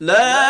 لا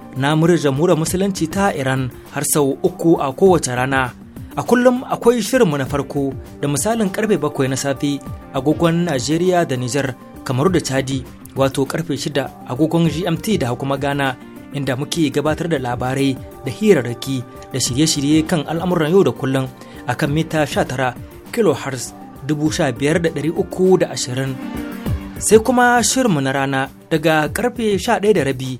na murin jamhuriyar musulunci ta Iran har sau uku a kowace rana. A kullum akwai shirinmu na farko da misalin karfe bakwai na safe agogon Najeriya da Nijar kamar da Chadi wato karfe shida agogon GMT da kuma Ghana inda muke gabatar da labarai da hirarraki da shirye-shirye kan al'amuran yau da kullum a kan mita sha sha tara dubu biyar da uku da ashirin, sai kuma shirinmu na rana daga karfe ɗaya da rabi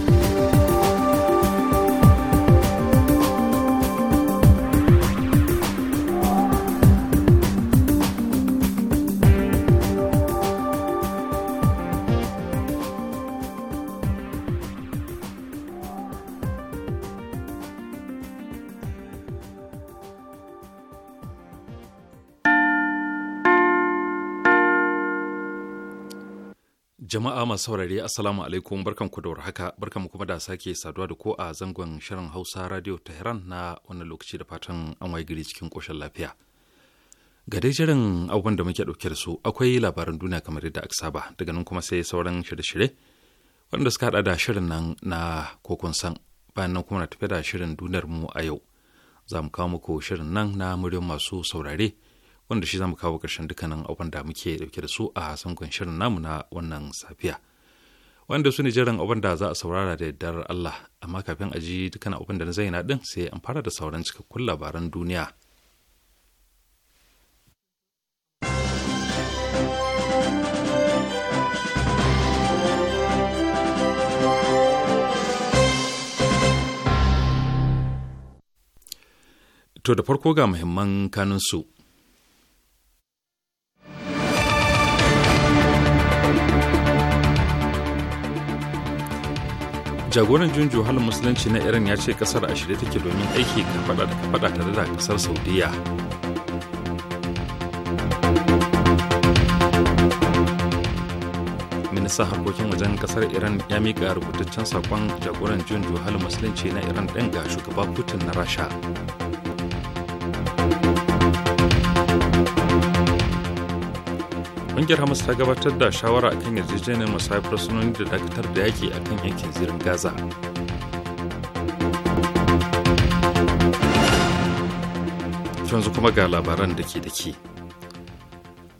Jama'a masu saurare Assalamu alaikum ku da warhaka mu kuma da sake saduwa da ko a zangon shirin Hausa Radio Tehran na wannan lokaci da fatan an waye gari cikin koshin lafiya. Ga dai jiran abubuwan da muke ɗauke da su akwai labaran duniya kamar yadda aka saba daga nan kuma sai sauran shirye-shirye wanda suka haɗa da shirin nan na kokon san bayan nan kuma na tafi da shirin duniyar mu a yau. Za mu kawo muku shirin nan na muryar masu saurare. wanda shi zamu kawo ƙarshen dukkanin abin da muke dauke da su a sangon shirin namu na wannan safiya wanda su ne jiran abin da za a saurara da yardar Allah amma kafin a ji dukkanin abin da na zai din sai an fara da sauran cikakkun labaran duniya To da farko ga muhimman kanunsu jagoran junju halin musulunci na iran ya ce kasar a shirye take domin aiki kafada da fada tare da kasar saudiya minista harkokin wajen kasar iran ya mika rubutaccen sakon jagoran junju halin musulunci na iran ɗin ga shugaba putin na rasha ƙungiyar hamas ta gabatar da shawara akan yarjejeniyar musayar fursunoni da dakatar da yaki akan yankin zirin gaza yanzu kuma ga labaran da ke da ke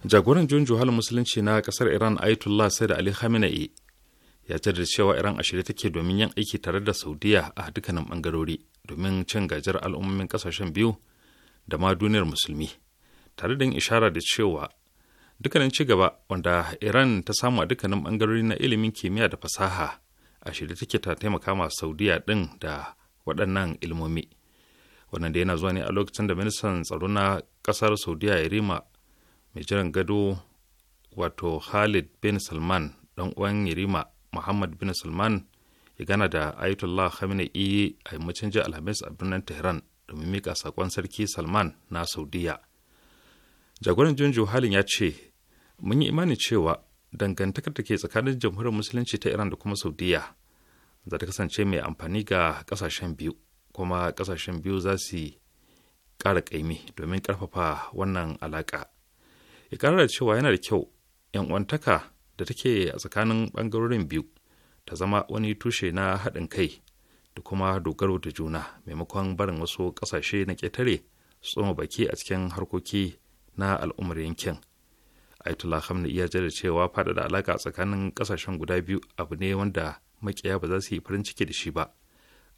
jagoran junju halin musulunci na kasar iran ayatollah da ali khamenei ya da cewa iran a shirye take domin yin aiki tare da saudiya a dukkanin bangarori domin cin gajiyar al'ummomin kasashen biyu da ma duniyar musulmi tare da yin ishara da cewa dukkanin cigaba gaba wanda iran ta samu a dukkanin bangarori na ilimin kimiyya da fasaha a shirye take ta taimaka ma saudiya din da waɗannan ilmomi wannan da yana zuwa ne a lokacin da ministan tsaro na ƙasar saudiya ya rima mai jiran gado wato khalid bin salman dan uwan yarima muhammad bin salman ya gana da ayatollah khamenei a yammacin jiya alhamis a birnin tehran domin mika sakon sarki salman na saudiya jagoran junju halin ya ce mun yi imani cewa dangantakar da ke tsakanin jamhuriyar musulunci ta iran da kuma saudiya za ta kasance mai amfani ga kasashen biyu kuma kasashen biyu za su ƙara ƙaimi domin ƙarfafa wannan alaƙa ya ƙara da cewa yana da kyau yan'uwantaka da take a tsakanin bangarorin biyu ta zama wani tushe na haɗin kai da kuma dogaro da juna maimakon barin wasu ƙasashe na ƙetare su tsoma baki a cikin harkoki na al'ummar yankin Ayatollah hamna ya jada cewa faɗaɗa alaƙa tsakanin ƙasashen guda biyu abu ne wanda makiya ba za su yi farin ciki da shi ba,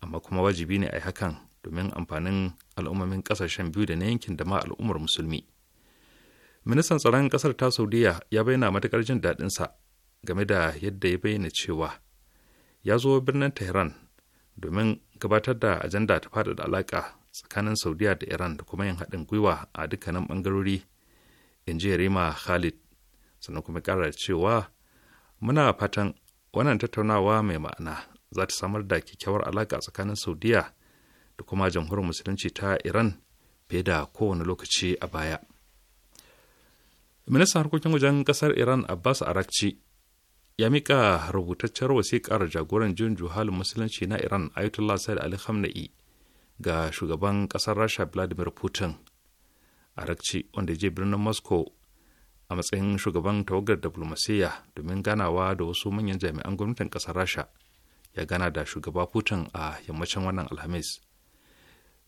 amma kuma wajibi ne a yi hakan domin amfanin al'ummomin ƙasashen biyu da na yankin da ma al'ummar musulmi. Ministan tsaron ƙasar ta Saudiya ya bayyana matuƙar jin daɗinsa game da yadda ya bayyana cewa ya zo birnin Tehran domin gabatar da ajanda ta faɗaɗa alaƙa tsakanin Saudiya da Iran da kuma yin haɗin gwiwa a dukkanin ɓangarori inji ji Rima Khalid sannan kuma ƙara cewa muna fatan wannan tattaunawa mai ma'ana za ta samar da kyakkyawar alaƙa tsakanin Saudiya da kuma jamhuriyar musulunci ta Iran fiye da kowane lokaci a baya. Ministan harkokin wajen ƙasar Iran Abbas Arakci ya mika rubutaccen wasiƙar jagoran jin halin musulunci na Iran Ayatollah Said Ali Khamenei ga shugaban ƙasar Rasha Vladimir Putin. a rakci wanda je birnin moscow a matsayin shugaban tawagar diplomasiyya domin ganawa da wasu manyan jami'an gwamnatin ƙasar rasha ya gana da shugaba putin a yammacin wannan alhamis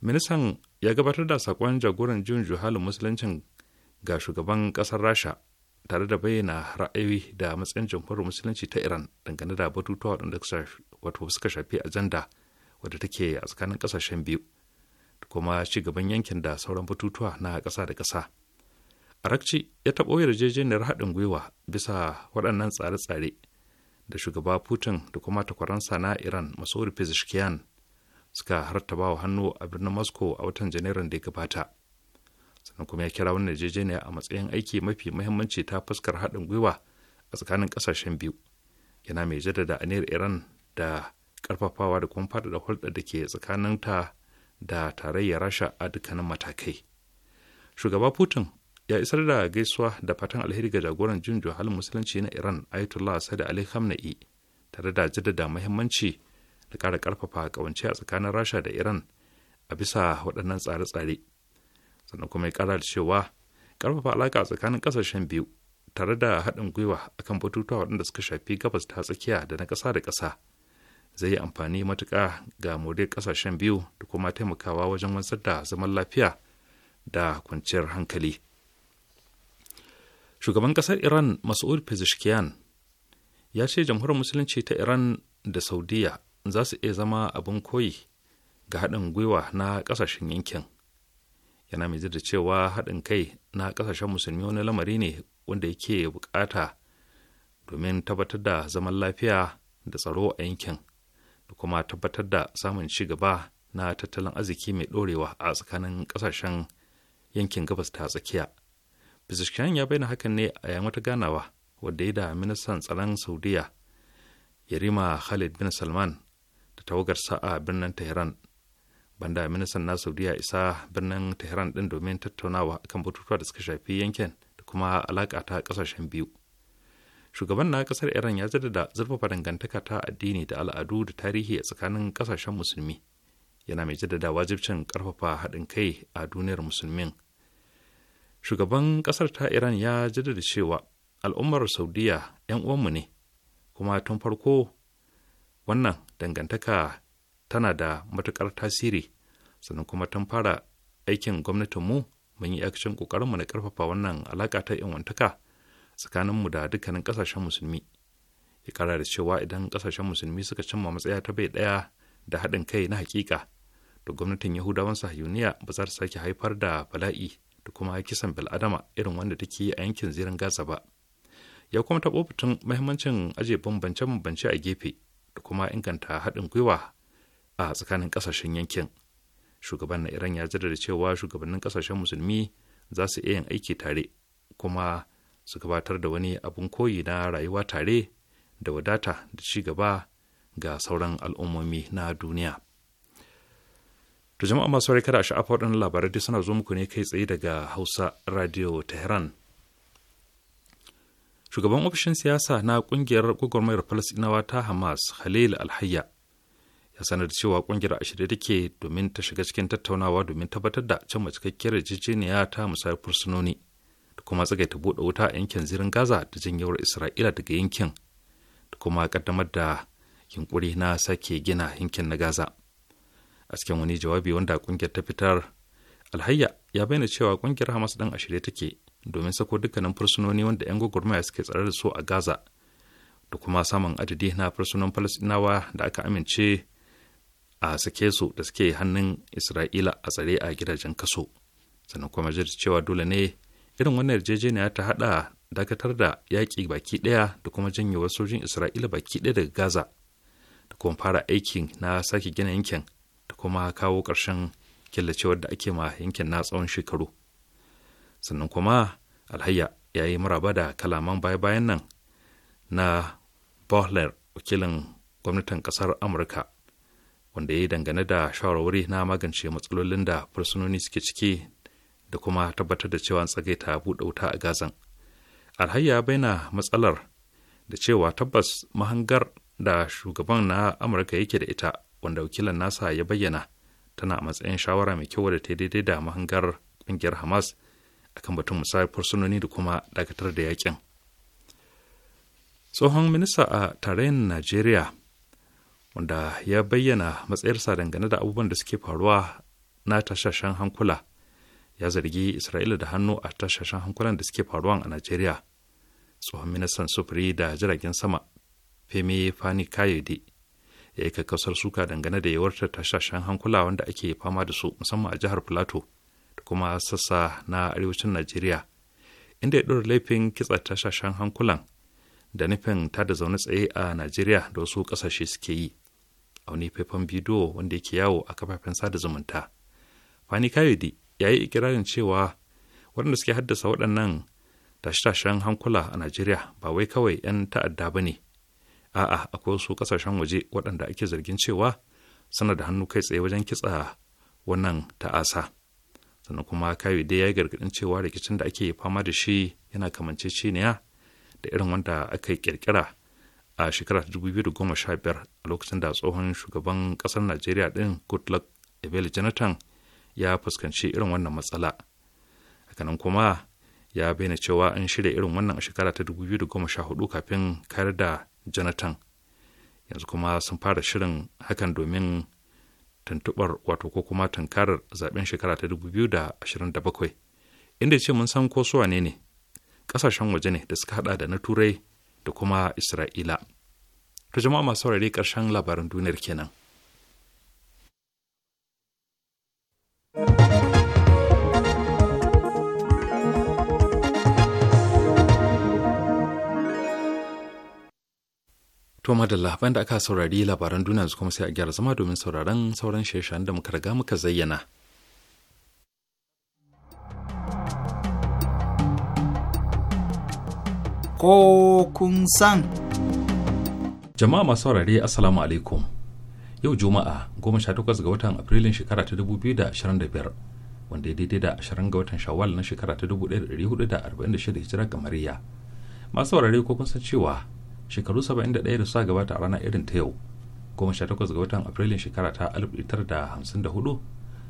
ministan ya gabatar da sakon jagoran jin juhalin musuluncin ga shugaban ƙasar rasha tare da bayyana ra'ayoyi da matsayin jamhuriyar musulunci ta iran dangane da batutuwa waɗanda suka shafi ajanda wadda take a tsakanin ƙasashen biyu kuma ci gaban yankin da sauran batutuwa na ƙasa da ƙasa. Arakci ya taɓo yarjejeniyar haɗin gwiwa bisa waɗannan tsare-tsare da shugaba Putin da kuma takwaransa na Iran Masori Pezeshkian suka hartaba wa hannu a birnin Moscow a watan Janairun da ya gabata. Sannan kuma ya kira wannan yarjejeniya a matsayin aiki mafi muhimmanci ta fuskar haɗin gwiwa a tsakanin ƙasashen biyu. Yana mai jaddada aniyar Iran da ƙarfafawa da kuma faɗaɗa hulɗar da ke tsakaninta da tarayyar rasha a dukkanin matakai shugaba putin ya isar da gaisuwa da fatan alheri ga jagoran jin halin musulunci na iran ayatollah sadi ali khamenei tare da jaddada muhimmanci da ƙara ƙarfafa ƙawance a tsakanin rasha da iran a bisa waɗannan tsare-tsare sannan kuma ya ƙara da cewa ƙarfafa alaƙa tsakanin ƙasashen biyu tare da haɗin gwiwa akan batutuwa waɗanda suka shafi gabas ta tsakiya da na ƙasa da ƙasa zai yi amfani matuƙa ga more ƙasashen biyu da kuma taimakawa wajen wansar da zaman lafiya da kwanciyar hankali shugaban ƙasar iran mas'ud pezeshkian ya ce jamhuriyar musulunci ta iran da saudiya za su iya zama abin koyi ga haɗin gwiwa na ƙasashen yankin yana mai da cewa haɗin kai na ƙasashen musulmi wani lamari ne wanda yake bukata domin tabbatar da zaman lafiya da tsaro a yankin da kuma tabbatar da samun ci gaba na tattalin arziki mai ɗorewa a tsakanin ƙasashen yankin gabas ta tsakiya. Pezeshkian ya bayyana hakan ne a yayin wata ganawa wadda ya da ministan tsaron Saudiya Yarima Khalid bin Salman da tawagarsa a birnin Tehran. Banda ministan na Saudiya isa birnin Tehran ɗin domin tattaunawa kan batutuwa da suka shafi yankin da kuma alaƙa ta ƙasashen biyu. shugaban na kasar iran ya jaddada zurfafa dangantaka ta addini da al'adu da tarihi a tsakanin kasashen musulmi yana mai jaddada wajibcin karfafa haɗin kai a duniyar musulmin shugaban kasar ta iran ya jaddada cewa al'ummar saudiya 'yan uwanmu ne kuma tun farko wannan dangantaka tana da matukar tasiri sannan kuma tun fara aikin gwamnatinmu mun yi ƙoƙarin ƙoƙarinmu na ƙarfafa wannan alaƙa ta wantaka. tsakaninmu da dukkanin kasashen musulmi ya kara da cewa idan kasashen musulmi suka cimma matsaya ta bai ɗaya da haɗin kai na hakika da gwamnatin yahudawan sahiyuniya ba za ta sake haifar da bala'i da kuma kisan bil'adama irin wanda take a yankin zirin gaza ba ya kuma taɓo fitin mahimmancin ajiye bambance-bambance a gefe da kuma inganta haɗin gwiwa a tsakanin kasashen yankin shugaban na iran ya jaddada cewa shugabannin ƙasashen musulmi za su iya yin aiki tare kuma su gabatar da wani abin koyi na rayuwa tare da wadata da ci gaba ga sauran al'ummomi na duniya. To jama'a masu rai kada sha'afa waɗannan labarai dai suna zo muku ne kai tsaye daga Hausa Radio Tehran. Shugaban ofishin siyasa na ƙungiyar gwagwarmayar Falasɗinawa ta Hamas Khalil Alhayya ya sanar da cewa ƙungiyar a shirye take domin ta shiga cikin tattaunawa domin tabbatar da cimma cikakkiyar yarjejeniya ta musayar fursunoni da kuma tsagaita buɗe wuta a yankin zirin gaza da janyewar isra'ila daga yankin da kuma kaddamar da yunkuri na sake gina yankin na gaza a cikin wani jawabi wanda kungiyar ta fitar alhayya ya bayyana cewa kungiyar hamas dan a shirye take domin sako dukkanin fursunoni wanda 'yan gwagwarmaya suke tsare da su a gaza da kuma samun adadi na fursunan falasɗinawa da aka amince a sake su da suke hannun isra'ila a tsare a gidajen kaso sannan kuma jirgin cewa dole ne irin wannan yarjejeniya ta hada dakatar da yaƙi baki ɗaya da kuma janyewar sojin isra'ila baki ɗaya daga gaza da kuma fara aikin na sake gina yankin da kuma kawo ƙarshen killacewar da ake ma yankin na tsawon shekaru sannan kuma alhayya ya yi maraba da kalaman baya-bayan nan na bohler wakilin gwamnatin ƙasar amurka wanda ya yi dangane da shawarwari na magance matsalolin da fursunoni suke ciki da kuma tabbatar da cewa tsage buɗe wuta a gazan alhayya baina matsalar da cewa tabbas mahangar da shugaban na amurka yake da ita wanda wakilan nasa ya bayyana tana matsayin shawara mai kyau da ta daidai da mahangar ƙungiyar hamas kan batun musayar fursunoni da kuma dakatar da yakin tsohon minista a tarayyar najeriya wanda ya bayyana matsayarsa dangane da abubuwan da suke faruwa na tashashen hankula ya zargi isra'ila da hannu a tashashen hankulan da suke faruwa a najeriya tsohon ministan sufuri da jiragen sama femi fani kayode ya yi kakkasar suka dangane da yawarta tashashen hankula wanda ake fama da su musamman a jihar plateau da kuma sassa na arewacin najeriya inda ya ɗora laifin kitsa tashashen hankulan da nufin ta da zaune tsaye a najeriya da wasu ƙasashe suke yi a wani faifan bidiyo wanda yake yawo a kafafen sada zumunta fani kayode ya yi ikirarin cewa waɗanda suke haddasa waɗannan tashe-tashen hankula a najeriya ba wai kawai 'yan ta'adda ba ne a'a akwai wasu ƙasashen waje waɗanda ake zargin cewa suna da hannu kai tsaye wajen kitsa wannan ta'asa sannan kuma kayo dai ya yi gargaɗin cewa rikicin da ake fama da shi yana kamance ciniya da irin wanda aka yi ƙirƙira a shekarar biyar a lokacin da tsohon shugaban ƙasar najeriya ɗin goodluck ebele jonathan ya fuskanci irin wannan matsala hakanan kuma ya bayyana cewa an shirya irin wannan a shekara ta 2014 kafin kayar da jonathan yanzu kuma sun fara shirin hakan domin tuntubar wato ko kuma tankarar zaben shekara ta 2027 inda ce mun san ko su wane ne kasashen waje ne da suka hada da na turai da kuma isra'ila to jama'a masu saurare karshen labaran duniyar kenan. da madalla da aka saurari labaran duniya kuma sai a gyara zama domin sauraron sauran sheshen da muka riga muka zayyana. Ko kun san. Jama'a masu saurari, Assalamu alaikum. yau juma'a 18 ga watan afrilun shekara ta 2025 wanda ya daidai da 20 ga watan shawwal na shekara ta 1446 hijira kamariya masu saurare ko kun san cewa shekaru 71 da suka gabata a rana irin ta yau 18 ga watan afrilun shekara ta 1954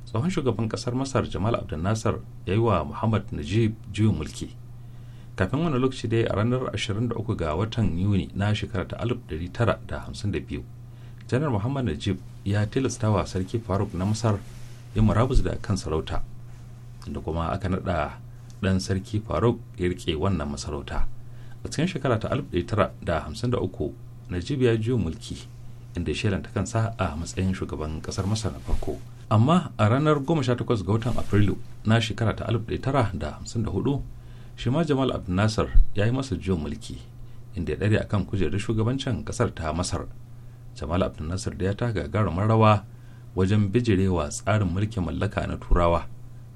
tsohon shugaban kasar masar jamal abdul nasar ya yi wa muhammad najib juyin mulki kafin wani lokaci dai a ranar 23 ga watan yuni na shekara ta 1952 janar muhammad najib ya tilasta wa sarki faruk na masar ya murabus da kan sarauta da kuma aka nada dan sarki faruk ya rike wannan masarauta a cikin shekara ta 1953 najib ya jiyo mulki inda ya ta kansa a matsayin shugaban kasar masar na farko amma a ranar 18 ga watan afrilu na shekara ta 1954 shi ma jamal nasir ya yi masa jiyo mulki inda ya dare akan kujerar shugabancin kasar ta masar jamal abdul da ya ta gagarumin rawa wajen bijirewa tsarin mulkin mallaka na turawa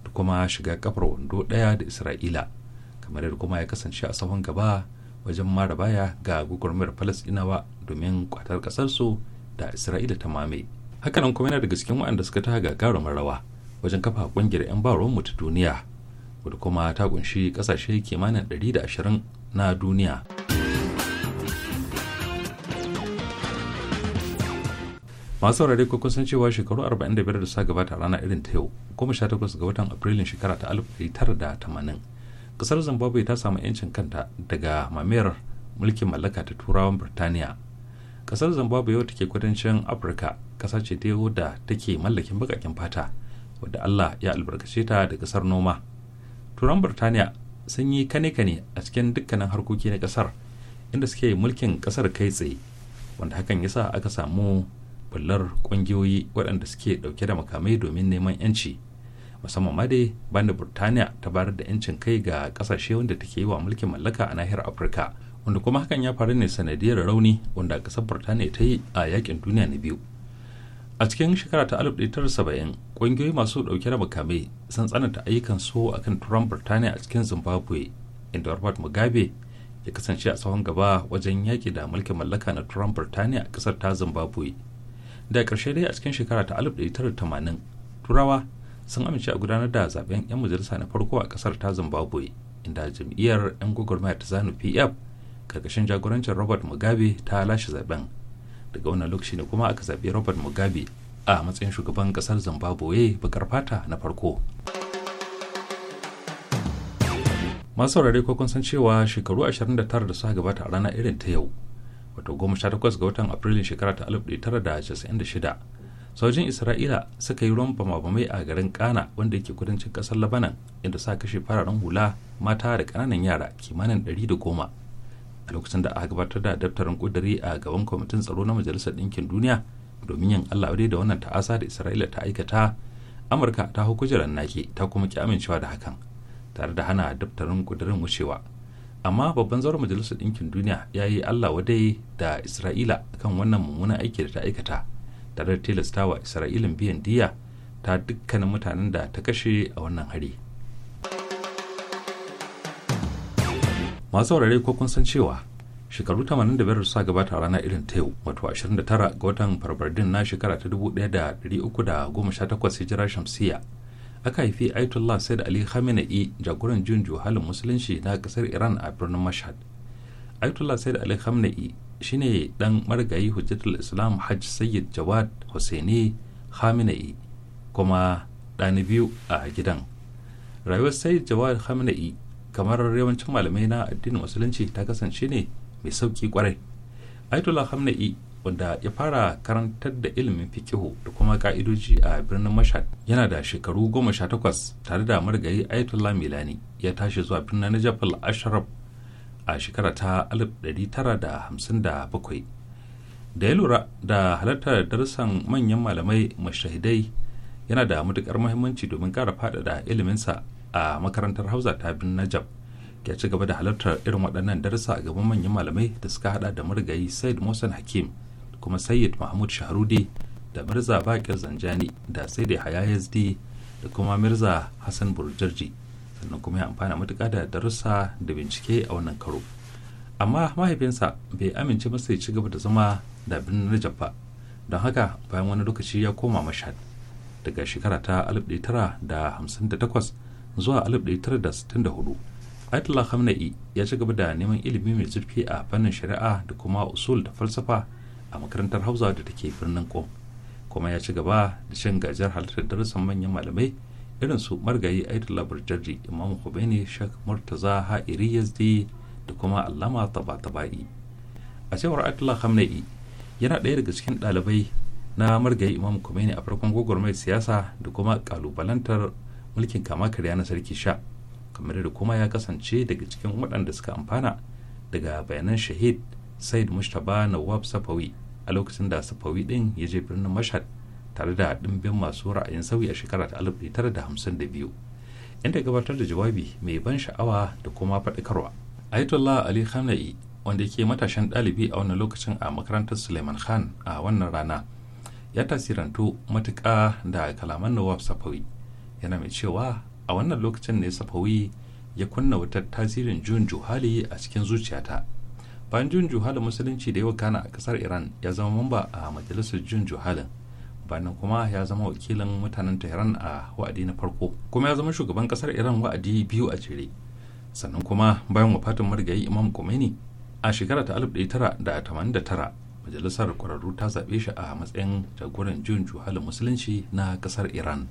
da kuma shiga kafar wando daya da isra'ila kamar yadda kuma ya kasance a sahun gaba wajen mara baya ga gugurmiyar falastinawa domin kwatar ƙasarsu da isra'ila ta mame hakanan kuma yana daga cikin waɗanda suka ta gagarumin rawa wajen kafa ƙungiyar 'yan mu ta duniya wadda kuma ta kunshi kasashe kimanin 120 na duniya. masu saurare ko kun cewa shekaru 45 da sa gabata rana irin ta yau 18 ga watan afrilun shekara ta 1980 kasar zimbabwe ta samu 'yancin kanta daga mamayar mulkin mallaka ta turawan birtaniya kasar zimbabwe yau take kudancin afirka kasa ce ta yau da take mallakin bakakin fata wadda allah ya albarkace ta da kasar noma turan birtaniya sun yi kane-kane a cikin dukkanin harkoki na kasar inda suke mulkin kasar kai tsaye wanda hakan yasa aka samu bullar ƙungiyoyi waɗanda suke ɗauke da makamai domin neman 'yanci musamman ma dai banda burtaniya ta bayar da 'yancin kai ga ƙasashe wanda take yi wa mulkin mallaka a nahiyar afirka wanda kuma hakan ya faru ne sanadiyar rauni wanda ƙasar burtaniya ta yi a yakin duniya na biyu a cikin shekara ta 1970 ƙungiyoyi masu ɗauke da makamai sun tsananta ayyukan su kan turan burtaniya a cikin zimbabwe inda robert mugabe ya kasance a tsawon gaba wajen yaƙi da mulkin mallaka na turan burtaniya a ƙasar ta zimbabwe da ƙarshe dai a cikin shekara ta 1980 turawa sun amince a gudanar da zaben 'yan majalisa na farko a kasar ta zimbabwe inda jam'iyyar 'yan gwagwarmaya ta zanu pf karkashin jagorancin robert mugabe ta lashe zaben daga wannan lokaci ne kuma aka zaɓi robert mugabe a matsayin shugaban ƙasar zimbabwe bakar fata na farko masu saurari ko kun san cewa shekaru 29 da suka gabata a rana irin ta yau wato 18 ga watan afrilun shekara ta shida saujin isra'ila suka yi ruwan bamabamai a garin kana wanda yake kudancin kasar labanan inda sa kashe fararen hula mata da kananan yara kimanin da goma a lokacin da aka gabatar da daftarin kuduri a gaban kwamitin tsaro na majalisar ɗinkin duniya domin yin allah da wannan ta'asa da isra'ila ta aikata amurka ta hukujiran naki ta kuma ki amincewa da hakan tare da hana daftarin kudurin wucewa amma babban zauren majalisar ɗinkin duniya ya yi allah wadai da isra'ila kan wannan mummunan aiki da ta aikata tare da tilastawa isra'ilin biyan diya ta dukkanin mutanen da ta kashe a wannan hari masu saurare ko kun san cewa shekaru 85 suka gabata rana irin ta yau wato 29 ga watan farfardin na shekara ta 1318 hijira shamsiyya aka haifi ayatollah said ali khamenei jagoran jin halin musulunci na kasar iran a birnin mashhad ayatollah said ali khamenei shine dan marigayi hujjatul islam hajj sayyid jawad hussaini khamenei kuma ɗani biyu a gidan rayuwar sayyid jawad khamenei kamar yawancin malamai na addinin musulunci ta kasance ne mai sauki kwarai ayatollah khamenei wanda ya fara karantar da ilimin fikihu da kuma ka'idoji a birnin mashad. yana da shekaru goma sha takwas tare da marigayi ayatollah milani ya tashi zuwa birnin najaf al-ashraf a shekara ta 1957 da hamsin da da bakwai. ya lura da halartar darussan manyan malamai mashahidai yana da matukar muhimmanci domin kara faɗaɗa iliminsa a makarantar hausa ta birnin najab ya ci gaba da halartar irin waɗannan darussa a gaban manyan malamai da suka hada da marigayi said mohsen hakim kuma sayyid mahmud shahrudi da mirza bakir zanjani da sai da haya sd da kuma mirza hassan burjarji sannan kuma ya amfana matuƙa da darussa da bincike a wannan karo amma mahaifinsa bai amince masa ya ci gaba da zama da birnin rajab ba don haka bayan wani lokaci ya koma mashhad daga shekara ta 1958 zuwa 1964 Ayatollah Khamenei ya ci gaba da neman ilimi mai zurfi a fannin shari'a da kuma usul da falsafa a makarantar hausa da take birnin kom kuma ya ci gaba da shan gajiyar halittar darussan manyan malamai irin su margayi aidullah burjari imam khomeini shek murtaza ha'iri yazdi da kuma allama taba-taba'i a cewar aidullah khamenei yana ɗaya daga cikin ɗalibai na margayi imam khomeini a farkon mai siyasa da kuma kalubalantar mulkin kama karya na sarki sha kamar da kuma ya kasance daga cikin waɗanda suka amfana daga bayanan shahid said mustapha nawab safawi a lokacin da safawi din ya je birnin mashhad tare da ɗimbin masu ra'ayin sauyi a shekara ta 1952 inda gabatar da jawabi mai ban sha'awa da kuma faɗakarwa ayatollah ali khamenei wanda yake matashin ɗalibi a wannan lokacin a makarantar suleiman khan a wannan rana ya tasiranto matuƙa da kalaman nawab safawi yana mai cewa a wannan lokacin ne safawi ya kunna wutar tasirin jun juhali a cikin zuciyata bayan jin juhalin musulunci da ya wakana a kasar iran ya zama mamba a majalisar jin juhalin bayan kuma ya zama wakilin mutanen tehran a wa'adi na farko kuma ya zama shugaban kasar iran wa'adi biyu a jere sannan kuma bayan wafatin marigayi imam khomeini a shekara ta 1989 majalisar kwararru ta zaɓe shi a matsayin jagoran jin juhalin musulunci na kasar iran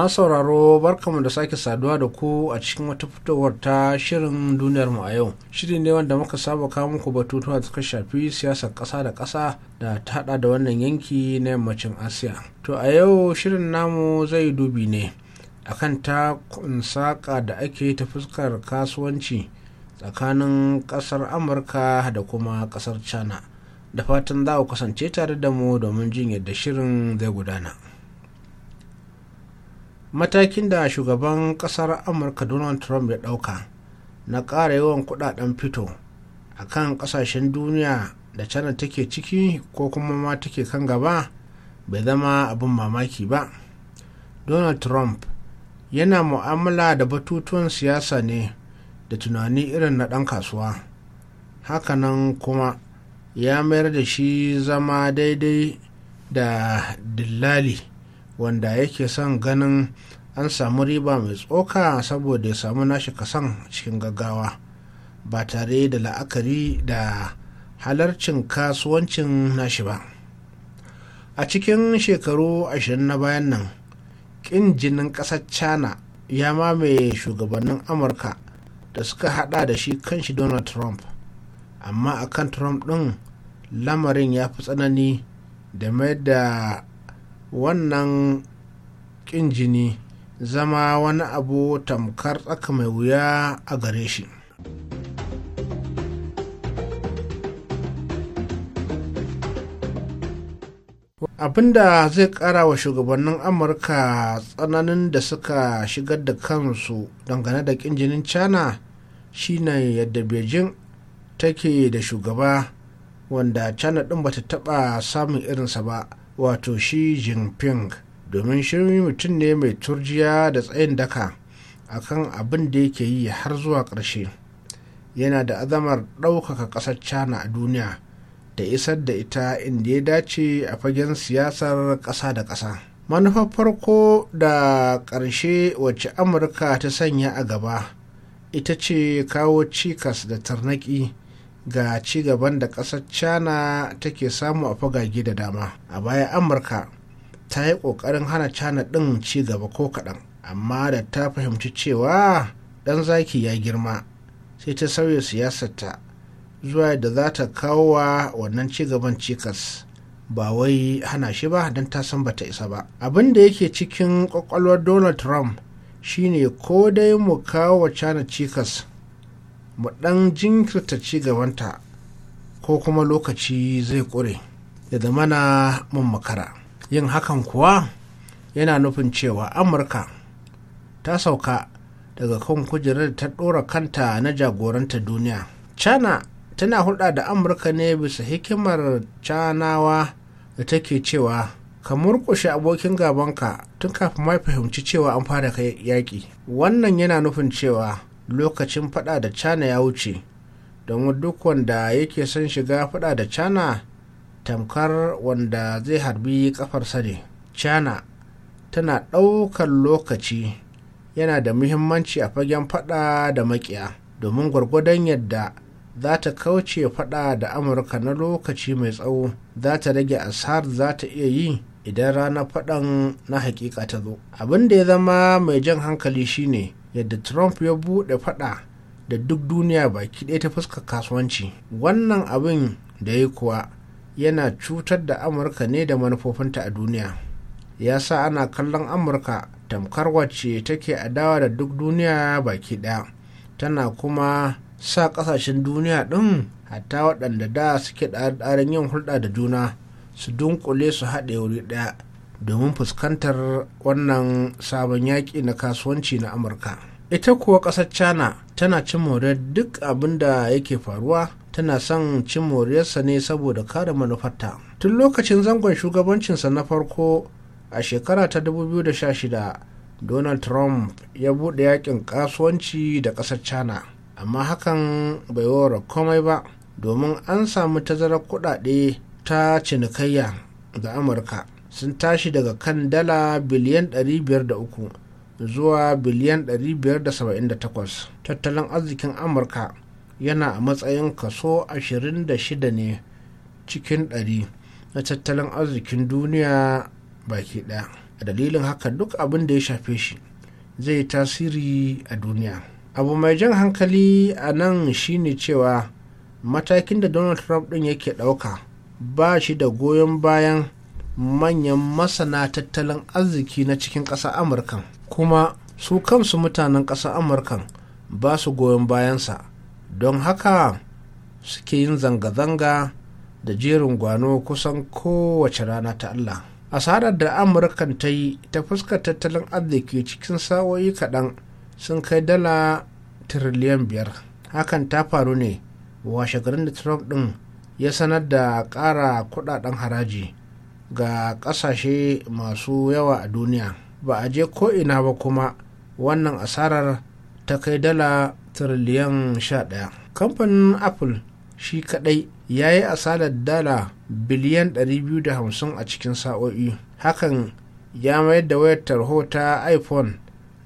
Na sauraro barkamu da sake saduwa da ku a cikin wata fitowar ta shirin duniyarmu a yau shiri ne wanda muka saba kawo muku batutuwa da suka shafi siyasar ƙasa da ƙasa da ta hada da wannan yanki na yammacin asiya to a yau shirin namu zai dubi ne akan ta saƙa da ake ta fuskar kasuwanci tsakanin ƙasar amurka da kuma ƙasar china da fatan za ku kasance tare da mu domin jin yadda shirin zai gudana. matakin da shugaban kasar amurka donald trump ya dauka na ƙara yawan kudaden fito a kan kasashen duniya da china take ciki ko kuma ma take kan gaba bai zama abin mamaki ba donald trump yana mu'amala da batutuwan siyasa ne da tunani irin na ɗan kasuwa hakanan kuma ya mayar da shi zama daidai da dillali wanda yake son ganin an samu riba mai tsoka saboda ya samu nashi kasan cikin gaggawa ba tare da la'akari da halarcin kasuwancin nashi ba a cikin shekaru ashirin na bayan nan ƙinjinin jinin ƙasar china ya mamaye shugabannin amurka da suka hada da shi kanshi donald trump amma akan trump ɗin lamarin ya fi tsanani da mai da wannan ƙin jini zama wani abu tamkar tsaka mai wuya a gare shi abinda zai kara wa shugabannin amurka tsananin da suka shigar da kansu dangane da kin jinin china shine yadda beijing take da shugaba wanda china din bata taɓa samun irinsa ba wato shi jinping domin shirin mutum ne mai turjiya da tsayin daka akan abin da yake yi har zuwa ƙarshe yana da azamar ɗaukaka ƙasar china a duniya da isar da ita inda ya dace a fagen siyasar ƙasa da ƙasa manufar farko da ƙarshe wacce amurka ta sanya a gaba ita ce kawo cikas da tarnaki. ga ci gaban da ƙasar china take samu a fagage da dama a baya amurka ta yi ƙoƙarin hana china ɗin ci gaba ko kaɗan amma da ta fahimci cewa ɗan zaki ya girma sai ta sauya siyasarta zuwa da za ta kawo wa wannan ci gaban cikas ba wai hana shi ba don ta san bata isa ba abin da yake cikin ƙwaƙwalwar donald trump shine ko dai mu kawo wa china cikas mu ɗan jinkirta ci gabanta ko kuma lokaci zai ƙure da na mun makara yin hakan kuwa yana nufin cewa amurka ta sauka daga kan kujerar ta ɗora kanta na jagoranta duniya china tana hulɗa da amurka ne bisa hikimar canawa da take cewa ka murƙushe abokin gabanka tun kafin mai fahimci cewa an fara yaƙi wannan yana nufin cewa lokacin fada da cana ya wuce don duk wanda yake son shiga fada da cana tamkar wanda zai harbi kafarsa ne cana tana ɗaukar lokaci yana da muhimmanci a fagen fada da makiya domin gwargwadon yadda za ta kauce fada da amurka na lokaci mai tsawo za ta rage asar za ta iya yi idan ranar fadan na hakika ta zo abin da ya zama mai jan hankali shine yadda trump ya buɗe fada da duk duniya baki ɗaya ta fuska kasuwanci wannan abin da ya kuwa yana cutar da amurka ne da manufofinta a duniya ya sa ana kallon amurka tamkar wacce take adawa da duk duniya baki ɗaya tana kuma sa ƙasashen duniya ɗin hatta waɗanda da suke ɗarin yin hulɗa da juna su dunkule su haɗe wuri ɗaya domin fuskantar wannan sabon yaƙi na kasuwanci na amurka ita kuwa ƙasar china tana cin more duk abin da yake faruwa tana son cin moriyarsa ne saboda kare manufarta tun lokacin zangon shugabancinsa na farko a shekara ta 2016 donald trump ya buɗe yakin kasuwanci da ƙasar china amma hakan bai wara komai ba domin an samu tazarar kuɗaɗe ta cinikayya ga amurka sun tashi daga kan dala biliyan 503 zuwa biliyan 578 tattalin arzikin amurka yana a matsayin kaso 26 ne cikin 100 na tattalin arzikin duniya baki daya a dalilin haka duk abin da ya shafe shi zai tasiri a duniya abu mai jan hankali a nan shine cewa matakin da donald trump din yake dauka ba shi da goyon bayan manyan masana tattalin arziki na cikin ƙasa amurkan kuma su kansu mutanen ƙasa amurkan ba su goyon bayansa don haka suke yin zanga-zanga da jerin gwano kusan kowace rana ta allah asarar da amurkan ta yi ta fuskar tattalin arziki cikin sa'o'i kaɗan sun kai dala tiriliyan biyar hakan ta faru ne washe garin da trump ɗin ya sanar da ƙara kuɗaɗen haraji ga ƙasashe masu yawa a duniya ba a je ko'ina ba kuma wannan asarar ta kai dala tiriliyan 11 kamfanin apple shi kadai ya yi asarar dala biliyan 250 a cikin sa'o'i hakan ya mayar da wayar tarho ta iphone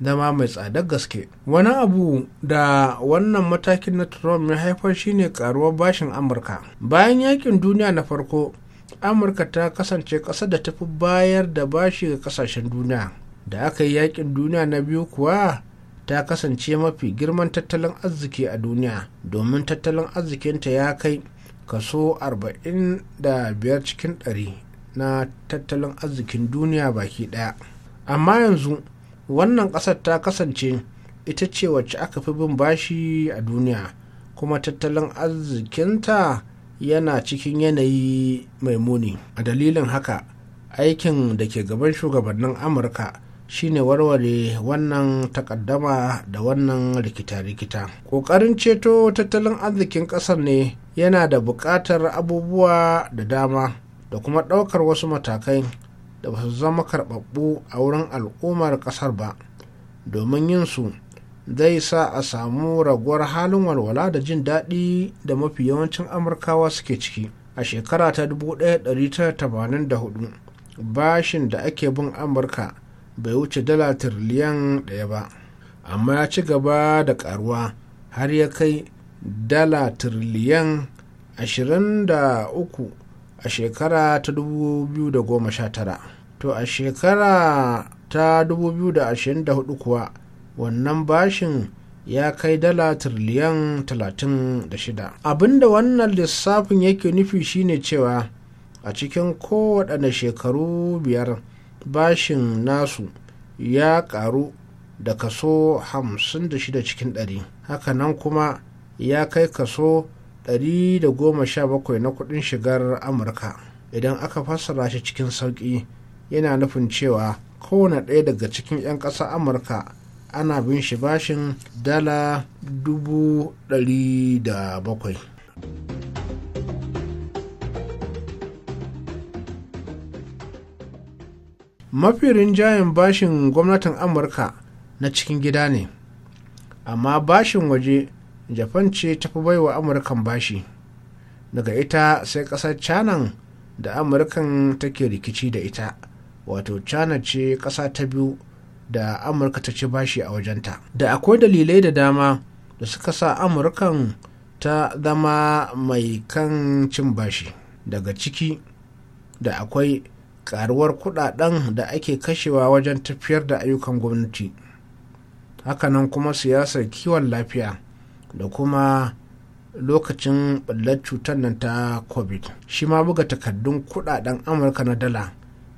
zama mai tsadar gaske wani abu da wannan matakin na trump ya haifar shine karuwar bashin amurka bayan yakin duniya na farko amurka ta kasance ƙasar da tafi bayar da bashi ga kasashen duniya da aka yi yakin duniya na biyu kuwa ta kasance mafi girman tattalin arziki a duniya domin tattalin arzikinta ya kai kaso 45 cikin 100 na tattalin arzikin duniya baki daya amma yanzu wannan ƙasar ta kasance ita ce wacce aka fi bin bashi a duniya kuma tattalin arzikinta yana cikin yanayi mai muni a dalilin haka aikin da ke gaban shugabannin amurka shine warware wannan takaddama da wannan rikita-rikita ƙoƙarin ceto tattalin arzikin ƙasar ne yana da buƙatar abubuwa da dama da kuma ɗaukar wasu matakai da ba su zama karɓaɓɓu a wurin al'ummar ƙasar ba domin yin su zai sa a samu raguwar halin walwala da jin daɗi da mafi yawancin amurkawa suke ciki a shekara ta 1984 bashin da ake bin amurka bai wuce dala tiriliyan ɗaya ba amma ya ci gaba da ƙaruwa har ya kai dala tiriliyan 23 a shekara ta 2019 to a shekara ta 2024 kuwa wannan bashin ya kai dala tiriliyan 36 abinda wannan lissafin yake nufi shine cewa a cikin kowaɗanne shekaru biyar bashin nasu ya ƙaru da kaso 56 cikin 100 hakanan kuma ya kai kaso 117 na kuɗin shigar amurka idan aka fassara shi cikin sauƙi yana nufin cewa kowane ɗaya daga cikin 'yan ƙasa amurka ana bin shi bashin dala dubu ɗari da bakwai mafi rinjayen bashin gwamnatin amurka na cikin gida ne amma bashin waje japan ce ta fi baiwa amurkan bashi daga ita sai ƙasar canan da amurkan take rikici da ita wato cana ce ƙasa ta biyu da amurka ta ci bashi a wajenta da akwai dalilai da dama da suka sa amurkan ta zama mai kan cin bashi daga ciki da akwai karuwar kudaden da ake kashewa wajen tafiyar da ayyukan gwamnati hakanan kuma siyasar kiwon lafiya da kuma lokacin ɓullar cutar nan ta covid shi ma buga takardun kudaden amurka na dala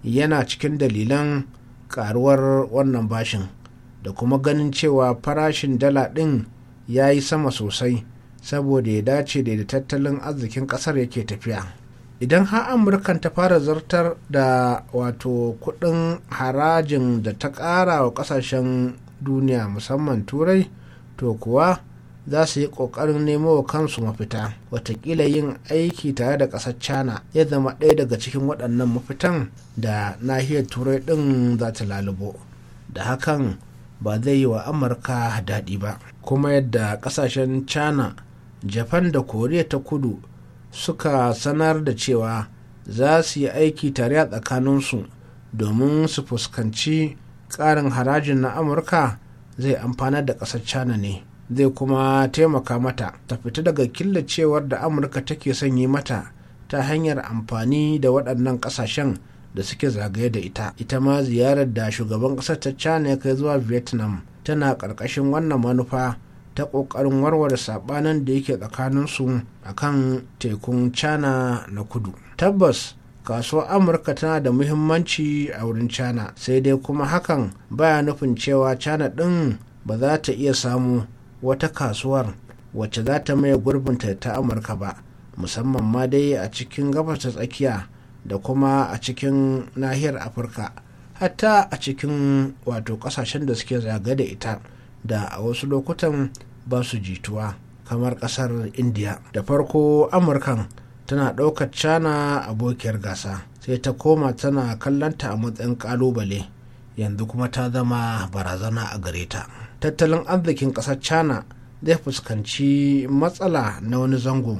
yana cikin dalilan karuwar wannan bashin da kuma ganin cewa farashin dala ɗin ya yi sama sosai saboda ya dace da tattalin arzikin ƙasar yake tafiya idan har amurkan ta fara zartar da wato kuɗin harajin da ta ƙara wa ƙasashen duniya musamman turai to kuwa za su yi ƙoƙarin nemo wa kansu mafita watakila yin aiki tare da ƙasar china ya zama ɗaya daga cikin waɗannan mafitan da nahiyar turai ɗin za ta lalubo da hakan ba zai yi wa amurka daɗi ba kuma yadda ƙasashen china japan da koriya ta kudu suka sanar da cewa za su yi aiki tare a tsakaninsu domin su fuskanci ƙarin harajin na amurka zai amfanar da ƙasar china ne zai kuma taimaka mata ta fita daga killacewar da amurka take son yi mata ta hanyar amfani da waɗannan ƙasashen da suke zagaye da ita ita ma ziyarar da shugaban ƙasar ta china ya kai zuwa vietnam tana ƙarƙashin wannan manufa ta ƙoƙarin warware saɓanin da yake tsakaninsu a kan tekun china na kudu tabbas kasuwar amurka tana da muhimmanci a wurin china sai dai kuma hakan baya nufin cewa china ɗin ba za ta iya samu wata kasuwar wacce za ta maye gurbinta ta amurka ba musamman ma dai a cikin gabas ta tsakiya da kuma a cikin nahiyar afirka hatta a cikin wato kasashen da suke zaga da ita da a wasu lokutan ba su jituwa kamar kasar Indiya. da farko amurkan tana ɗaukar cana abokiyar gasa sai ta koma tana kallonta a matsayin ƙalubale yanzu kuma ta zama barazana a gare ta. tattalin arzikin ƙasar china zai fuskanci matsala na wani zango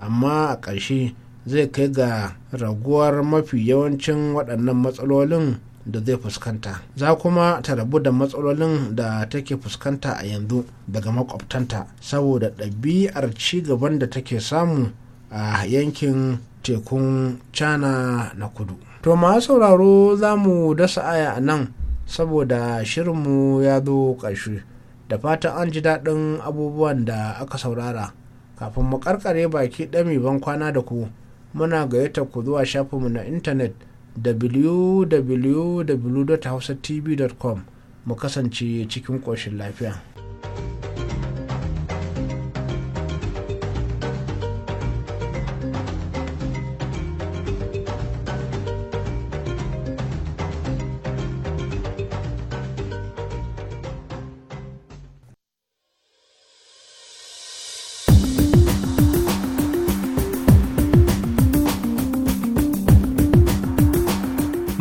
amma a ƙarshe zai kai ga raguwar mafi yawancin waɗannan matsalolin da zai fuskanta za kuma ta rabu da matsalolin da take fuskanta a yanzu daga makwabtanta saboda ɗabi'ar ci gaban da take samu a yankin tekun china na kudu to ma sauraro za mu dasa aya a nan saboda shirinmu ya zo ƙarshe da fatan an ji daɗin abubuwan da aka saurara kafin mu karkare baki ɗami ban kwana da ku muna gayyata ku zuwa shafinmu na intanet www.hausatv.com mu kasance cikin ƙoshin lafiya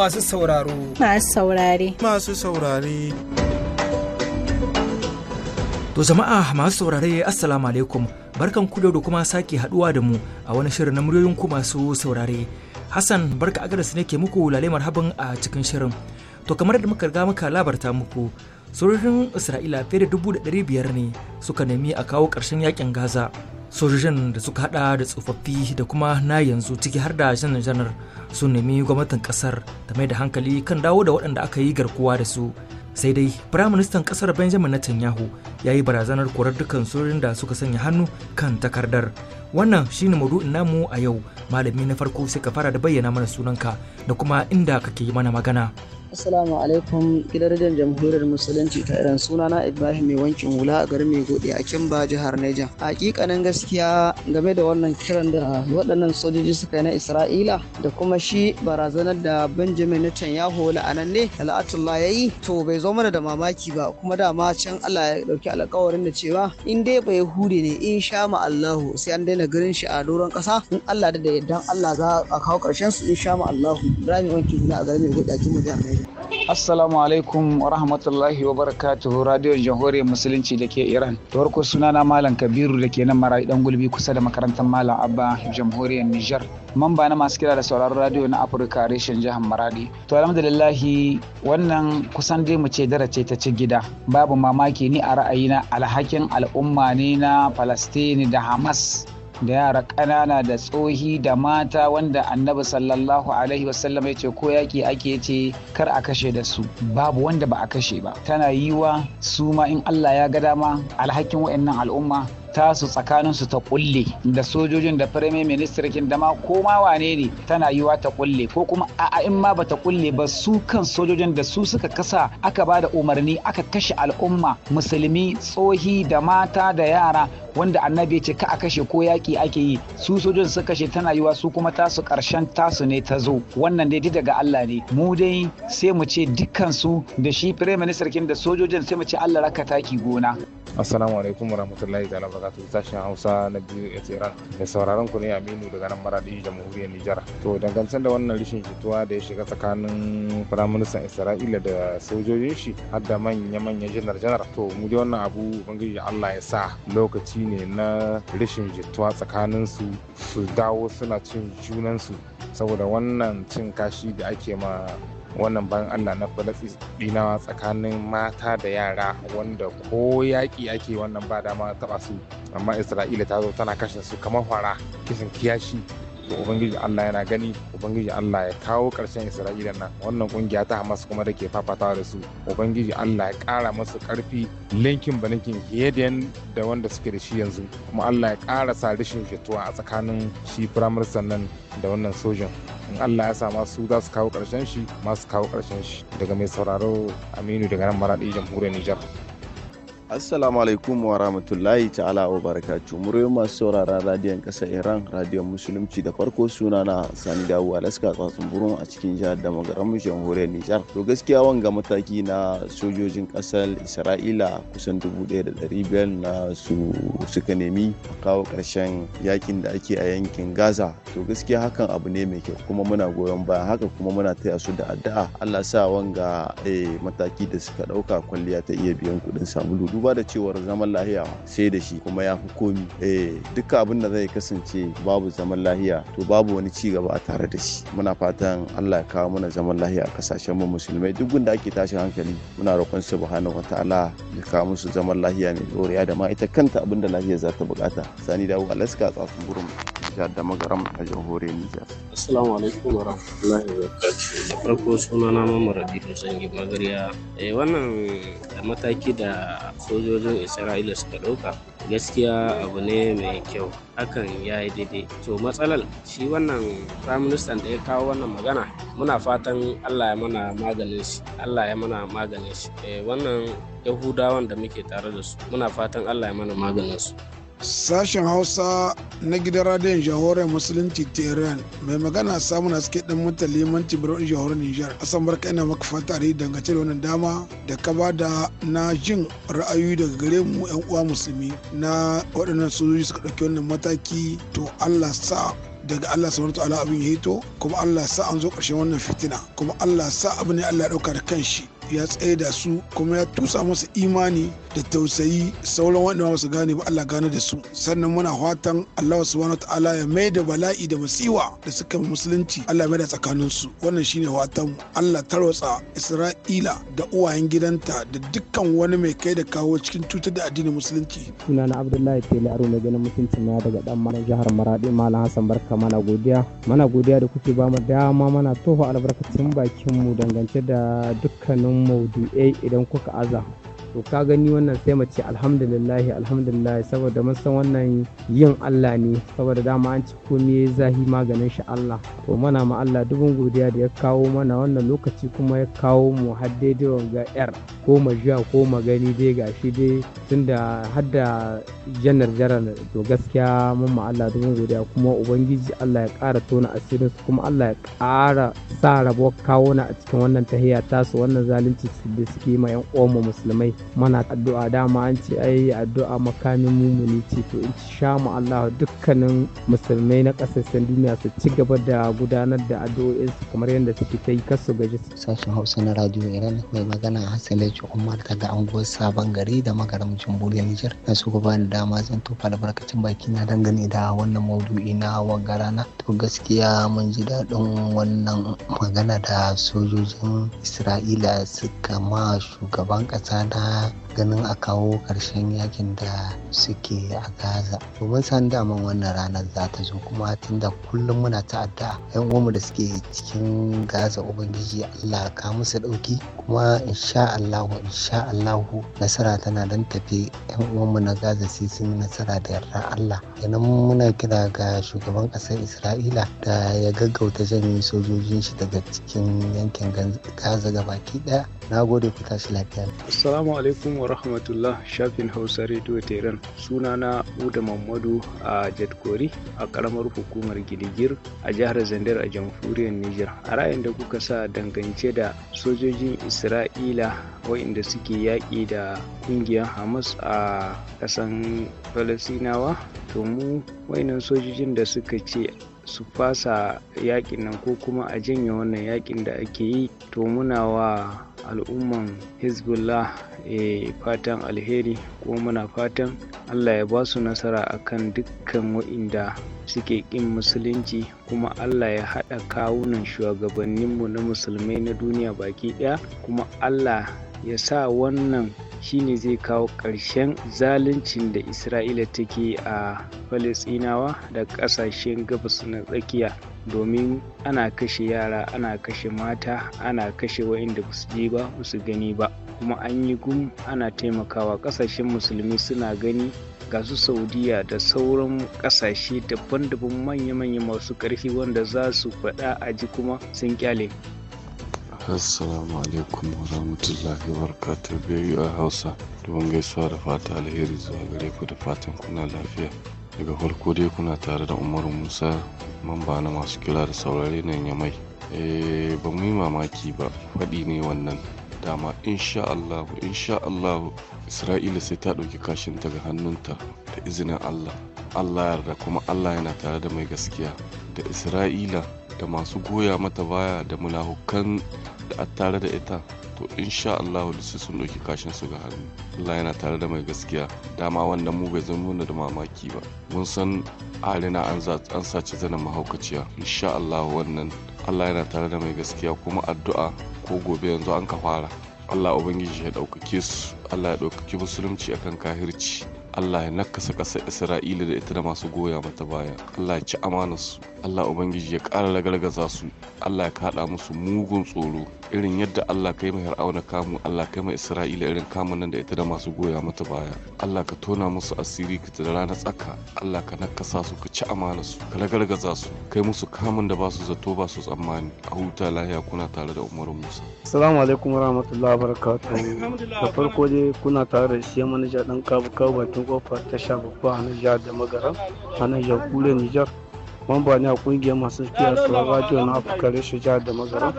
masu sauraro. Masu saurare. Masu saurare. To jama'a masu saurare assalamu alaikum barkan ku da kuma sake haduwa da mu a wani shirin na muryoyin ku masu saurare. Hassan barka agarsu ne ke muku lale marhaban a cikin shirin. To kamar da muka riga muka labarta muku sojojin isra'ila fiye da dubu da ɗari biyar ne suka nemi a kawo ƙarshen yakin gaza sojojin da suka hada da tsofaffi da kuma na yanzu ciki har da janar janar sun nemi gwamnatin ƙasar ta mai da hankali kan dawo da waɗanda aka yi garkuwa da su sai dai firaministan ƙasar benjamin netanyahu ya yi barazanar korar dukkan sojojin da suka sanya hannu kan takardar wannan shine maudu'in namu a yau malami na farko sai ka fara da bayyana mana sunanka da kuma inda kake mana magana Assalamu alaikum gidan rajin jamhuriyar musulunci ta irin sunana Ibrahim mai wankin hula a garin mai gode a Kimba jihar Niger. Hakikanin gaskiya game da wannan kiran da waɗannan sojoji suka yi na Isra'ila da kuma shi barazanar da Benjamin Netanyahu la'anan ne Allah ya yi to bai zo mana da mamaki ba kuma dama can Allah ya dauki alƙawarin da cewa in dai bai hude ne in sha ma Allahu sai an daina garin shi a doron ƙasa in Allah da yardan Allah za a kawo ƙarshen su in sha ma Allahu. Ibrahim wankin hula a garin mai gode a Kimba jihar Niger. Assalamu alaikum wa rahmatullahi wa barakatuhu Radio Jamhuriyar Musulunci da ke Iran. Tawarko sunana Malam Kabiru da ke nan marayi dan gulbi kusa da makarantar Malam Abba Jamhuriyar Nijar. Mamba na masu kira da sauraron radio na Afirka reshen jihar Maradi. To alhamdulillahi wannan kusan dai mu ce darace ta ci gida. Babu mamaki ni a ra'ayina alhakin al'umma ne na Falastini da Hamas da yara ƙanana da tsohi da mata wanda annabi sallallahu alaihi wasallam ya ce ko yaƙi ake ce kar a kashe da su babu wanda ba a kashe ba tana yiwa su ma in Allah ya ga dama alhakin wa'annan al'umma tasu tsakaninsu ta kulle da sojojin da firamin ministirkin da ma wane ne tana yiwa ta kulle ko kuma a'a in ma bata kulle ba su kan sojojin da su suka kasa aka ba da umarni aka kashe al'umma musulmi tsohi da mata da yara wanda annabi ce ka a kashe ko yaki ake yi su sojojin suka kashe tana yiwa su kuma tasu karshen tasu ne ta zo wannan dai daga Allah ne mu dai sai mu ce dukkan su da shi minister kin da sojojin sai mu ce Allah raka taki gona. assalamu alaikum warahmatullahi ta'ala barakatuhu sashen hausa na biyu a tehran da sauraron ku ne aminu daga nan maradi jamhuriyar nijar to dangance da wannan rishin jituwa da ya shiga tsakanin firaministan isra'ila da sojojin shi har da manya-manya janar janar to mu dai wannan abu bangiji allah ya sa lokaci ne na rishin jituwa tsakanin su su dawo suna cin junansu saboda wannan cin kashi da ake ma wannan bayan allah na dina tsakanin mata da yara wanda ko yaƙi ake wannan ba dama taɓa su amma isra'ila ta zo tana kashe su kamar fara kisan kiyashi to ubangiji allah yana gani ubangiji allah ya kawo ƙarshen isra'ila nan wannan ƙungiya ta hamas kuma da ke fafatawa da su ubangiji allah ya ƙara masu ƙarfi linkin ba linkin hediyan da wanda suke da shi yanzu kuma allah ya ƙara sa rashin fitowa a tsakanin shi firamar sannan da wannan sojan in Allah ya sama su za su kawo ƙarshen shi masu kawo karshen shi daga mai sauraro Aminu daga nan maraɗi jamhuriyar Nijar. Assalamu alaikum wa rahmatullahi ta'ala wa barakatu. Muryo masu sauraron radiyon ƙasar Iran, radiyon Musulunci da farko suna na Sani Dawo Alaska tsatsun burin a cikin jihar da magaran jamhuriyar Nijar. To gaskiya wanga mataki na sojojin ƙasar Isra'ila kusan dubu ɗaya na su suka nemi a kawo ƙarshen yakin da ake a yankin Gaza. To gaskiya hakan abu ne mai kyau kuma muna goyon baya haka kuma muna taya su da addu'a. Allah sa wanga eh, mataki da suka ɗauka kwalliya ta iya biyan kuɗin sabulu duba da cewar zaman lahiya sai da shi kuma ya fi komi eh duka abin da zai kasance babu zaman lahiya to babu wani ci gaba a tare da shi muna fatan Allah ya kawo mana zaman lahiya a kasashen mu musulmai duk gunda ake tashin hankali muna roƙon subhanahu wataala ya kawo musu zaman lahiya mai doriya da ma ita kanta abin da lahiya za ta bukata sani dawo alaska tsafin gurin jihar da magaram a jamhuriyar Nijar. Assalamu alaikum wa rahmatullahi wa farko suna na mamara zan yi Magariya. Eh, wannan mataki da sojojin isra'ila suka ɗauka gaskiya abu ne mai kyau hakan ya yi daidai to matsalar shi wannan firaministan da ya kawo wannan magana muna fatan allah ya mana maganin shi allah ya mana maganin shi eh, wannan yahudawan da muke tare da su muna fatan allah ya mana maganin su Sashen Hausa na gidan radiyon jahorar Musulunci Tehran mai magana samun haske dan mata limanci birnin jahorar Nijar. Asan barka ina maka fatari dangace da wannan dama da ka ba da na jin ra'ayoyi daga gare mu 'yan uwa musulmi na waɗannan sojoji suka ɗauki wannan mataki to Allah sa daga Allah subhanahu ta'ala abin ya hito kuma Allah sa an zo ƙarshen wannan fitina kuma Allah sa abu ne Allah ya ɗauka da kanshi ya tsaye da su kuma ya tusa masa imani da tausayi sauran waɗanda ba su gane ba Allah gane da su sannan muna fatan Allah subhanahu ta'ala ya mai da bala'i da masiwa da suka musulunci Allah mai da tsakanin su wannan shine fatan Allah tarwatsa Isra'ila da uwayen gidanta da dukkan wani mai kai da kawo cikin cutar da addinin musulunci sunana Abdullahi Tele Aro mai ganin mutuncin na daga dan mana jihar Maradi malam Hassan Barka haka mana godiya mana godiya da kuke ba mu dama mana tofa albarkacin bakin mu dangance da dukkanin maudu'ai idan kuka aza to ka gani wannan sai mu ce alhamdulillah alhamdulillah saboda mun san wannan yin Allah ne saboda dama an ci komai zahi maganin shi Allah to muna ma Allah dubin godiya da ya kawo mana wannan lokaci kuma ya kawo mu har daidai ga yar ko majiya ko magani dai gashi dai tunda har da janar jaran to gaskiya mun ma Allah dubin godiya kuma ubangiji Allah ya kara tona asirin su kuma Allah ya ƙara sa rabo kawo na a cikin wannan tahiya tasu wannan zalunci da suke ma yan uwan musulmai mana addu'a dama an ce yi addu'a makamin mumuni ce to in sha mu Allah dukkanin musulmai na kasashen duniya su ci gaba da gudanar da su kamar yadda suke ta yi kasu gaji sashen Hausa na radio Iran mai magana Hassan Laji Umar daga anguwar Sabon Gari da magaram Jamhuriyar Nijar na so gaba da dama zan tofa albarkacin baki na dangane da wannan maudu'i na wangara na to gaskiya mun ji daɗin wannan magana da sojojin Isra'ila suka ma shugaban ƙasa na ganin a kawo karshen yakin da suke a gaza domin san daman wannan ranar za ta zo kuma tun da kullum muna ta'adda yan uwanmu da suke cikin gaza ubangiji allah ka musu ɗauki kuma insha allahu insha allahu nasara tana dan tafi yan uwanmu na gaza sai sun nasara da yarda allah kenan muna kira ga shugaban kasar isra'ila da ya gaggauta janye sojojin shi daga cikin yankin gaza gabaki ɗaya na gode ku tashi lafiya assalamu alaikum wa rahmatullah shafin hausa radio tehran na uda mamadu a jadkori a karamar hukumar gidigir a jihar zandar a jamhuriyar niger a ra'ayin da kuka sa dangance da sojojin isra'ila waɗanda suke yaƙi da ƙungiyar hamas a ƙasan falasinawa to mu wayannan sojojin da suka ce su fasa yakin nan ko kuma a janye wannan yakin da ake yi to muna wa al'umman hezbollah eh, fatan alheri ko muna fatan allah ya ba su nasara akan dukkan wa'inda suke ƙin musulunci kuma allah ya haɗa kawunan shugabanninmu na musulmai na duniya baki ɗaya kuma allah ya sa wannan shine zai kawo ƙarshen zaluncin da isra'ila take a falisinawa da ƙasashen gabas na tsakiya domin ana kashe yara ana kashe mata ana kashe waɗanda ba su je ba ba su gani ba kuma an yi gum ana taimakawa ƙasashen musulmi suna gani ga su saudiya da sauran ƙasashe daban-daban manya-manya masu ƙarfi wanda za su faɗa a ji kuma sun kyale Assalamu alaikum wa rahmatullahi wa barakatuh biyu a Hausa. ban gaisuwa da fata alheri zuwa gare ku da fatan kuna lafiya. Daga farko dai kuna tare da Umar Musa mamba na masu kira da saurare nan ya mai. Eh ba mu yi mamaki ba faɗi ne wannan dama insha Allah insha Allah Isra'ila sai ta ɗauki kashin daga hannunta da izinin Allah. Allah yarda kuma Allah yana tare da mai gaskiya da Isra'ila da masu goya mata baya da mulahukan da a tare da ita to insha Allah da su sun ɗauki kashin su ga hannu Allah yana tare da mai gaskiya dama wannan mu bai zama nuna da mamaki ba mun san Alina an sace zanen mahaukaciya insha Allah wannan Allah yana tare da mai gaskiya kuma addu'a ko gobe yanzu an ka fara Allah Ubangiji ya ɗaukake su Allah ya ɗaukaki musulunci akan kahirci Allah ya nakasa ƙasar Isra'ila da ita da masu goya mata baya Allah ya ci amanarsu Allah Ubangiji ya ƙara ragargaza su Allah ya kaɗa musu mugun tsoro irin yadda Allah kai mai Fir'auna kamu Allah kai mai Isra'ila irin kamun nan da ita da masu goya mata baya Allah ka tona musu asiri ka da rana tsaka Allah ka nakasa su ka ci amana su ka lagargaza su kai musu kamun da ba su zato ba su tsammani a huta lahiya kuna tare da Umaru Musa Assalamu alaikum warahmatullahi wabarakatuh da farko dai kuna tare da shi manaja dan kabu kabu bakin kofar ta sha babba a Nijar da magara a nan kure Nijar kwamba ne a kungiyar masu kiyar tsoron radio na afirka reshe jihar da mazara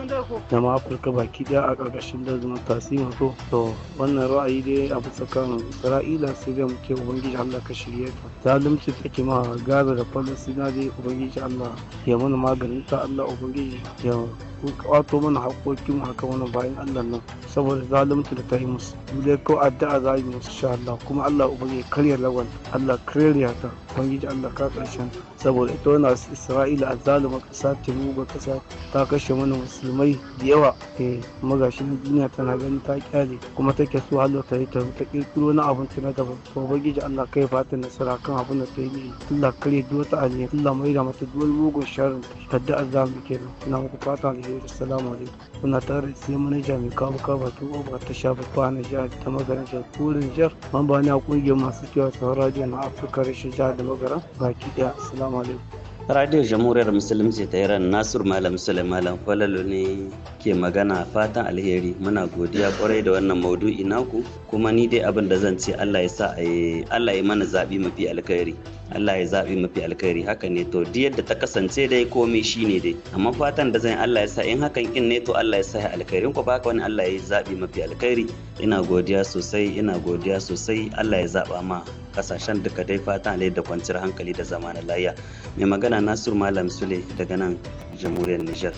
da ma afirka baki daya a ƙarƙashin dazumin tasima to to wannan ra'ayi dai a bisa kan isra'ila sai zai muke ubangiji allah ka shirye ta zalunci ke ma gaza da falasina dai ubangiji allah ya mana maganin ta allah ubangiji ya wato mana haƙoƙin haka wani bayan allah nan saboda zalunci da ta yi musu dai ko addu'a za yi musu sha allah kuma allah ubangiji karya lawan allah karya ta ubangiji allah ka ƙarshen saboda ita wani tabbas isra'ila a zalima ƙasa ta ruba ƙasa ta kashe mana musulmai da yawa eh, ke magashin duniya tana ganin ta kyale kuma take so halo ta yi ta kirkiro na abinci na daban to bagiji allah kai fatan nasara kan abin da ta yi tunda kare ta aliyu tunda mai da mata duwar mugun sharin tadda a zamu kenan ina muku fata alheri assalamu alaikum kuna tare sai manaja mai kawo ba ta ba, ta shafa kwana jihar ta magana jihar turin jihar ba ne a kungiyar masu kyau sauran radiyo na afirka rashin jihar da magana baki daya assalamu alaikum Radio Jamhuriyar Musulunci ta Iran Nasir Malam Malam Falalu ne ke magana fatan alheri muna godiya kwarai da wannan maudu'i naku kuma ni dai abin da zan ce Allah ya sa Allah ya mana zaɓi mafi alkhairi Allah ya zaɓi mafi alkhairi haka ne to duk yadda ta kasance dai komai shine dai amma fatan da zan Allah ya sa in hakan kin ne to Allah ya sa ya alkhairi in ko ba wani Allah ya zaɓi mafi alkhairi ina godiya sosai ina godiya sosai Allah ya zaɓa ma kasashen duka dai fatan alai da kwanciyar hankali da zamanin layya mai magana Nasiru Malam Sule daga nan jamhuriyar Nijar.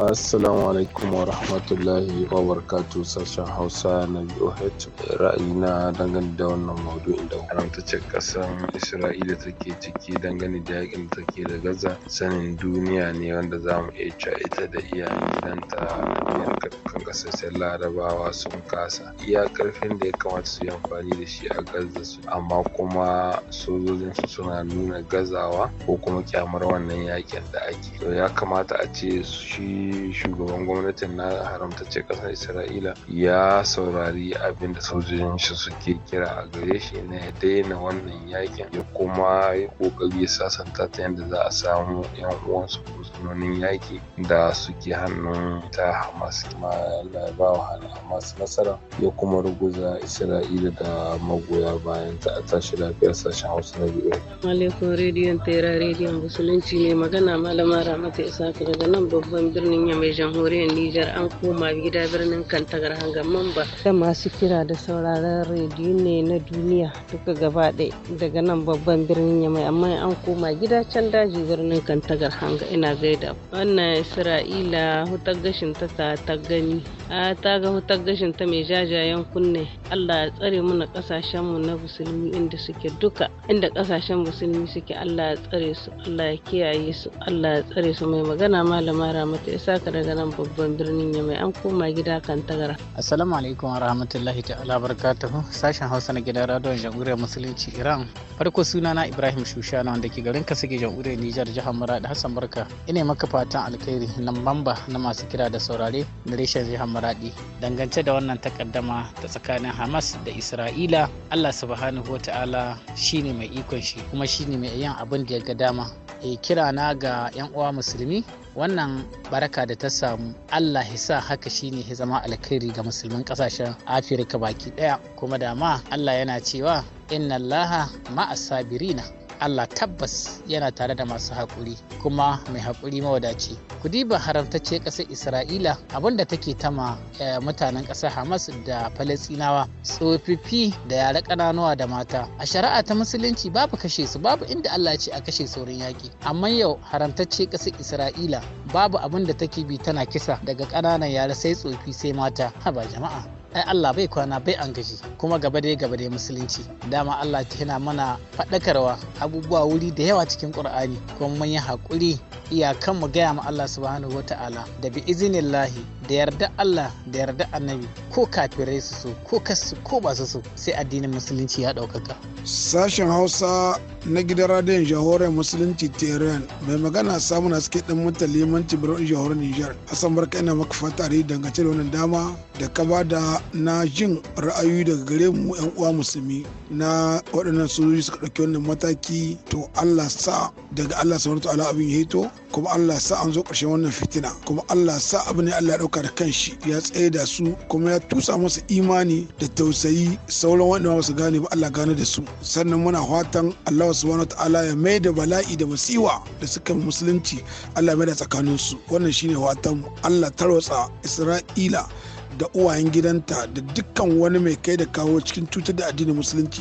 Assalamu alaikum wa rahmatullahi wa barakatu sashen Hausa na ra'ayi ra'ayina dangane da wannan maudu'in da haramtaccen kasan Isra'ila take ciki dangane da yakin da take da Gaza sanin duniya ne wanda za mu iya cewa ita da iyayen gidanta biyar karfin larabawa sun kasa iya karfin da ya kamata su yi amfani da shi a Gaza su amma kuma sojojin su suna nuna gazawa ko kuma kyamar wannan yakin da ake ya kamata a ce shi shugaban gwamnatin na haramtacce ƙasar isra'ila ya saurari abin da sojojin shi suke kira a gare shi na ya daina wannan yakin ya kuma yi ƙoƙari ya sasanta ta yadda za a samu yan uwansu fursunonin yaƙi da suke hannun ta hamas kuma allah ya ba wa hamas nasara ya kuma ruguza isra'ila da magoya bayan ta a tashi lafiyar sashen hausa na biyu. alaikum rediyon tera rediyon musulunci ne magana malama ramata isa daga nan babban birnin birnin yamai jamhuriyar Nijar an koma gida birnin Kantagar hangar mamba. Da masu kira da sauraron rediyo ne na duniya duka gaba ɗaya daga nan babban birnin yamai amma an koma gida can daji birnin Kantagar hanga ina gaida. Wannan Isra'ila hutar gashin ta ta gani a ta ga wutar gashin ta mai jajayen kunne allah ya tsare muna kasashen mu na musulmi inda suke duka inda kasashen musulmi suke allah ya tsare su allah ya kiyaye su allah ya tsare su mai magana malama ramatu ya saka daga nan babban birnin ya mai an koma gida kan tagara assalamu alaikum wa rahmatullahi ta'ala barakatuhu sashen hausa na gidan radon jamhuriyar musulunci iran farko suna na ibrahim shushana wanda ke garin kasige jamhuriyar nijar jihar murad hassan barka ina maka fatan alkhairi nan mamba na masu kira da saurare na reshen jihar muradi dangance da wannan takaddama ta tsakanin hamas da isra'ila allah subhanahu wa ta'ala shine mai ikon shi kuma shine mai yin abin da ya ga dama e kira na ga 'yan uwa musulmi wannan baraka da ta samu allah ya sa haka shine ya zama alkhairi ga musulmin kasashen afirka baki daya kuma dama allah yana cewa inna allaha ma'asabirina Allah tabbas yana tare da masu haƙuri kuma mai haƙuri mawadaci. Ku diba haramtacce ƙasar Isra'ila abinda take tama eh, mutanen ƙasar Hamas da Falasinawa tsofaffi da yare ƙananuwa da mata. A shari'a ta musulunci babu kashe su babu inda Allah ce a kashe saurin yaƙi. Amma yau haramtacce ƙasar Isra'ila babu abin da take bi tana kisa daga ƙananan yare sai tsofi sai mata. Haba jama'a. ai Allah bai kwana bai an gaji kuma gaba dai gaba dai musulunci dama Allah yana mana faɗakarwa abubuwa wuri da yawa cikin Qur'ani kuma mun yi hakuri iyakan mu gaya ma Allah subhanahu wata'ala da bi izinillahi da yarda Allah da yarda annabi ko kafirai su so ko kasu ko ba su so sai addinin musulunci ya ɗaukaka. Sashen Hausa na gidan radiyon jahorar musulunci Tehran mai magana samun haske ɗan mutalimanci birnin jahorar Nijar. Hassan barka ina maka fata dangance da wannan dama da ka ba da na jin ra'ayoyi daga gare mu 'yan uwa musulmi na waɗannan sojoji suka ɗauki wannan mataki to Allah sa daga Allah subhanahu ta'ala abin ya hito kuma Allah sa an zo ƙarshen wannan fitina kuma Allah sa abin ne Allah ya ɗauka da kanshi ya tsaye da su kuma ya tusa masa imani da tausayi sauran waɗanda ba su gane ba Allah gane da su sannan muna fatan Allah subhanahu ta'ala ya mai da bala'i da masiwa da suka musulunci Allah ya mai da tsakaninsu wannan shine fatan Allah tarwatsa Isra'ila da uwayen gidanta da dukkan wani mai kai da kawo cikin cutar da addinin musulunci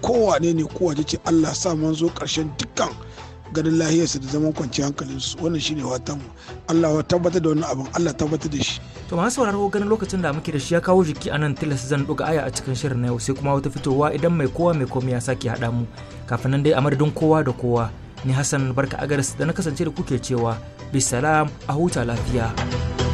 kowane ne kowace ce allah sa zo karshen dukkan ganin lahiyarsa da zaman kwanciyar hankalinsu wannan shine watan mu Allah wa tabbatar da wannan abin Allah tabbatar da shi to masu sauraro ganin lokacin da muke da shi ya kawo jiki a nan tilas zan ɗuga aya a cikin shirin na yau sai kuma wata fitowa idan mai kowa mai komai ya sake haɗa mu kafin nan dai a madadin kowa da kowa ni Hassan barka agaris da na kasance da kuke cewa bisalam a huta lafiya